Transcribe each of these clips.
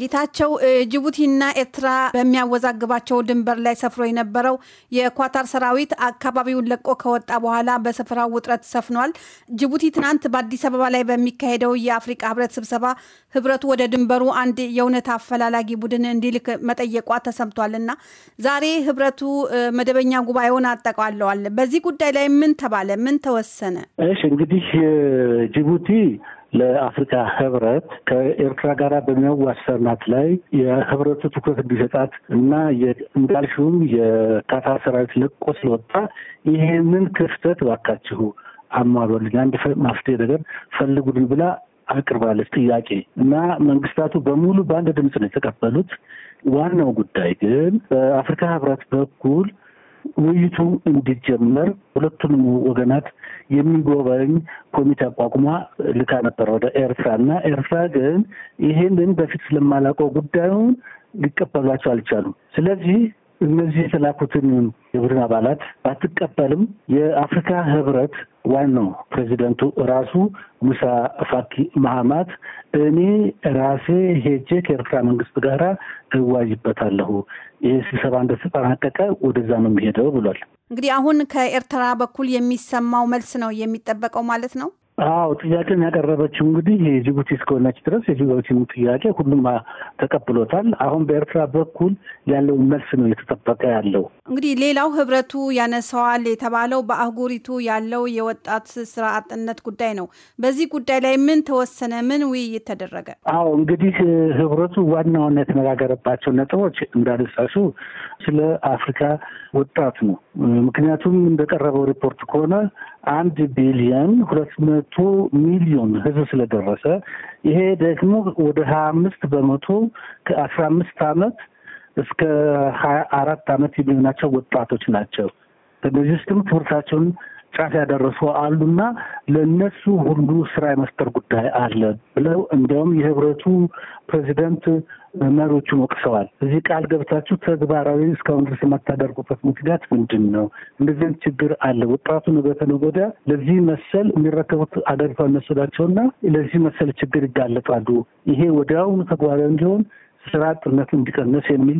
ጌታቸው፣ ጅቡቲና ኤርትራ በሚያወዛግባቸው ድንበር ላይ ሰፍሮ የነበረው የኳታር ሰራዊት አካባቢውን ለቆ ከወጣ በኋላ በስፍራው ውጥረት ሰፍኗል። ጅቡቲ ትናንት በአዲስ አበባ ላይ በሚካሄደው የአፍሪቃ ህብረት ስብሰባ ህብረቱ ወደ ድንበሩ አንድ የእውነት አፈላላጊ ቡድን እንዲልክ መጠየቋ ተሰምቷል እና ዛሬ ህብረቱ መደበኛ ጉባኤውን አጠቃለዋል። በዚህ ጉዳይ ላይ ምን ተባለ? ምን ተወሰነ? እሺ እንግዲህ ጅቡቲ ለአፍሪካ ህብረት ከኤርትራ ጋር በሚያዋሰናት ላይ የህብረቱ ትኩረት እንዲሰጣት እና እንዳልሽውም የካታ ሰራዊት ለቆ ስለወጣ ይሄንን ክፍተት ባካችሁ አሟሉልን፣ አንድ መፍትሄ ነገር ፈልጉልን ብላ አቅርባለች ጥያቄ እና መንግስታቱ በሙሉ በአንድ ድምፅ ነው የተቀበሉት። ዋናው ጉዳይ ግን በአፍሪካ ህብረት በኩል ውይይቱ እንዲጀመር ሁለቱንም ወገናት የሚጎበኝ ኮሚቴ አቋቁማ ልካ ነበር ወደ ኤርትራ እና ኤርትራ ግን ይሄንን በፊት ስለማላውቀው ጉዳዩን ሊቀበሏቸው አልቻሉም። ስለዚህ እነዚህ የተላኩትን የቡድን አባላት ባትቀበልም የአፍሪካ ህብረት ዋናው ፕሬዚደንቱ ራሱ ሙሳ ፋኪ መሀማት እኔ ራሴ ሄጄ ከኤርትራ መንግስት ጋራ እዋይበታለሁ፣ ይህ ስብሰባ እንደተጠናቀቀ ወደዛ ነው የሚሄደው ብሏል። እንግዲህ አሁን ከኤርትራ በኩል የሚሰማው መልስ ነው የሚጠበቀው ማለት ነው። አዎ ጥያቄን ያቀረበችው እንግዲህ ጅቡቲ እስከሆነች ድረስ የጅቡቲን ጥያቄ ሁሉም ተቀብሎታል። አሁን በኤርትራ በኩል ያለውን መልስ ነው የተጠበቀ ያለው። እንግዲህ ሌላው ህብረቱ ያነሳዋል የተባለው በአህጉሪቱ ያለው የወጣት ስራ አጥነት ጉዳይ ነው። በዚህ ጉዳይ ላይ ምን ተወሰነ? ምን ውይይት ተደረገ? አዎ እንግዲህ ህብረቱ ዋናውን የተነጋገረባቸው ነጥቦች እንዳነሳሹ ስለ አፍሪካ ወጣት ነው። ምክንያቱም እንደቀረበው ሪፖርት ከሆነ አንድ ቢሊየን ሁለት መቶ ሚሊዮን ህዝብ ስለደረሰ ይሄ ደግሞ ወደ ሀያ አምስት በመቶ ከአስራ አምስት አመት እስከ ሀያ አራት አመት የሚሆናቸው ወጣቶች ናቸው። ከእነዚህ ውስጥም ትምህርታቸውን ጫፍ ያደረሱ አሉና ለእነሱ ሁሉ ስራ የመፍጠር ጉዳይ አለ ብለው እንዲያውም የህብረቱ ፕሬዚደንት መሪዎቹን ወቅሰዋል። እዚህ ቃል ገብታችሁ ተግባራዊ እስካሁን ድረስ የማታደርጉበት ምክንያት ምንድን ነው? እንደዚህም ችግር አለ። ወጣቱ ነገ ተነገ ወዲያ ለዚህ መሰል የሚረከቡት አገሪቷ እነሱ ናቸውና ለዚህ መሰል ችግር ይጋለጣሉ። ይሄ ወዲያውኑ ተግባራዊ እንዲሆን ስራ አጥነት እንዲቀንስ የሚል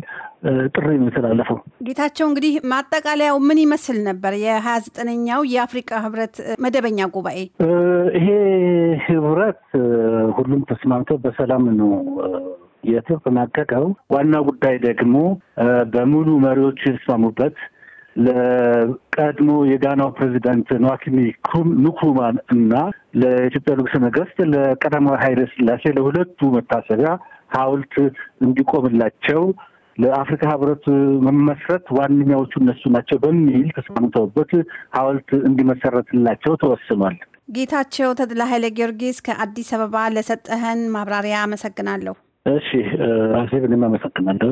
ጥሪ ነው የተላለፈው። ጌታቸው እንግዲህ ማጠቃለያው ምን ይመስል ነበር? የሀያ ዘጠነኛው የአፍሪካ ህብረት መደበኛ ጉባኤ ይሄ ህብረት ሁሉም ተስማምቶ በሰላም ነው የተጠናቀቀው። ዋና ጉዳይ ደግሞ በሙሉ መሪዎች የተስማሙበት ለቀድሞ የጋናው ፕሬዚዳንት ንዋኪኒ ንኩማን እና ለኢትዮጵያ ንጉሠ ነገሥት ለቀዳማዊ ኃይለ ሥላሴ ለሁለቱ መታሰቢያ ሐውልት እንዲቆምላቸው ለአፍሪካ ህብረት መመስረት ዋነኛዎቹ እነሱ ናቸው በሚል ተስማምተውበት ሐውልት እንዲመሰረትላቸው ተወስኗል። ጌታቸው ተድላ ኃይለ ጊዮርጊስ ከአዲስ አበባ ለሰጠህን ማብራሪያ አመሰግናለሁ። እሺ አሴብ፣ አመሰግናለሁ።